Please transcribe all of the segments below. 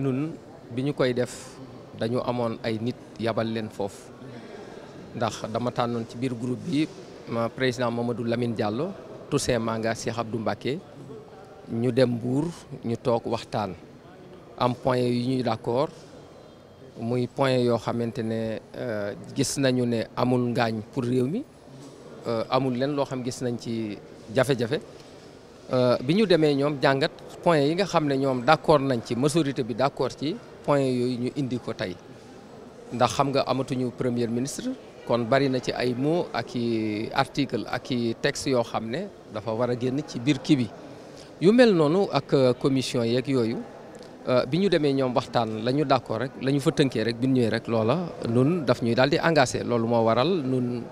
nun bi ñu koy def dañu amoon ay nit yabal leen foofu ndax dama tànnoon ci biir groupe bi ma président Mamadou Lamine Diallo Toussaint Manga Cheikh du Mbacké ñu dem Mbour ñu toog waxtaan am point yu ñuy d'accord muy point yoo xamante ne euh, gis nañu ne amul ngaañ pour réew mi euh, amul leen loo xam gis nañ ci jafe-jafe euh, bi ñu demee ñoom jàngat point yi nga xam ne ñoom d'accord nañ ci majorité bi d'accord ci point yooyu ñu indi ko tey ndax xam nga amatuñu premier ministre kon bari na ci ay moo ak i article ak i texte yoo xam ne dafa war a génn ci biir kii bi yu mel noonu ak commission yeeg yooyu euh, bi ñu demee ñoom waxtaan la ñu d'accord rek la ñu fa tënkee rek bi ñu ñëwee rek loola nun daf ñuy daal di engagé loolu moo waral nun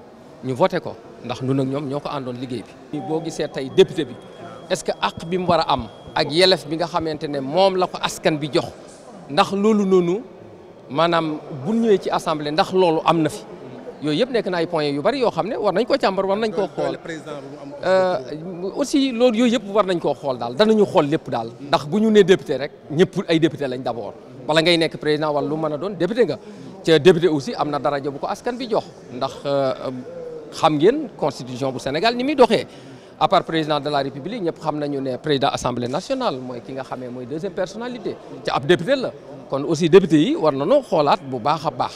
ñu voté ko ndax nun ñoom ñoo ko àndoon liggéey bi. boo gisee tey député bi ak yelef bi nga xamante ne moom la ko askan bi jox ndax loolu noonu maanaam bu ñëwee ci assemblée ndax loolu am na fi yooyu yëpp nekk na ay points yu bari yoo xam ne war nañ ko càmbar war nañ koo xool euh, aussi loolu yooyu yëpp war nañ koo xool daal danañu xool lépp daal ndax bu ñu nee député rek ñëpp ay député lañ d'abord wala ngay nekk président wala lu mën a doon député nga ca député aussi am na daraja bu ko askan bi jox ndax euh, xam ngeen constitution bu Sénégal ni muy doxee à part président de la république ñëpp xam nañu ne président assemblée nationale mooy ki nga xamee mooy deuxième personnalité ci ab député la kon aussi député yi war noo xoolaat bu baax a baax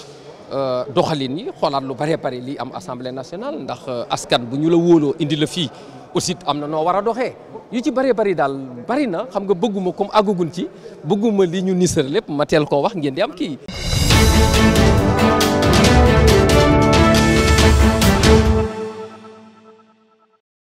euh, doxalin yi xoolaat lu bëree bëri lii am assemblée nationale ndax euh, askan bu ñu la wóoloo indi la fii aussi am na noo war a doxee yu ci bëree bëri daal bëri na xam nga bëgguma comme àggagun ci bëgguma li ñu nisar lépp ma teel koo wax ngeen di am kii